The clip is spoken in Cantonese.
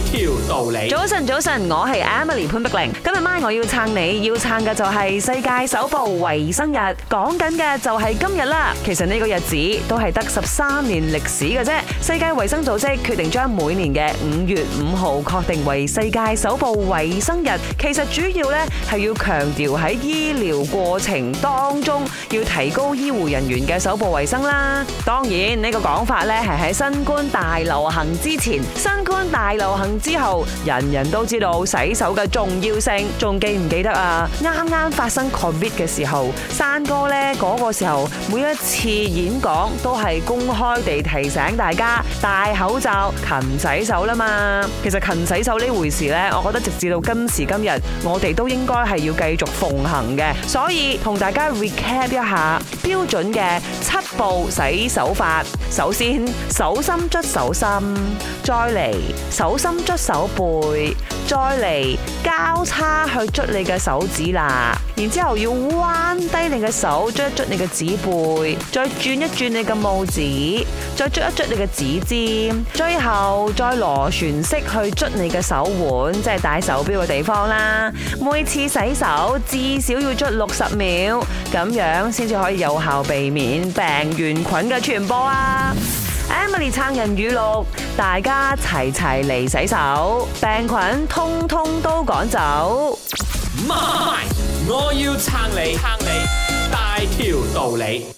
條道理。早晨，早晨，我係 Emily 潘碧玲。今日晚我要撐你，要撐嘅就係世界手部衛生日。講緊嘅就係今日啦。其實呢個日子都係得十三年歷史嘅啫。世界衛生組織決定將每年嘅五月五號確定為世界手部衛生日。其實主要呢係要強調喺醫療過程當中要提高醫護人員嘅手部衛生啦。當然呢個講法呢係喺新冠大流行之前，新冠大流行。之後人人都知道洗手嘅重要性，仲記唔記得啊？啱啱發生 covid 嘅時候，山哥咧個時候，每一次演講都係公開地提醒大家戴口罩、勤洗手啦嘛。其實勤洗手呢回事咧，我覺得直至到今時今日，我哋都應該係要繼續奉行嘅。所以同大家 recap 一下標準嘅七步洗手法。首先，手心捽手心，再嚟手心。捽手背，再嚟交叉去捽你嘅手指啦，然之後要彎低你嘅手，捽一捽你嘅指背，再轉一轉你嘅拇指，再捽一捽你嘅指尖，最後再螺旋式去捽你嘅手腕，即係戴手錶嘅地方啦。每次洗手至少要捽六十秒，咁樣先至可以有效避免病原菌嘅傳播啊！Emily 撐人語錄，大家齊齊嚟洗手，病菌通通都趕走。我要撐你，撐你大條道理。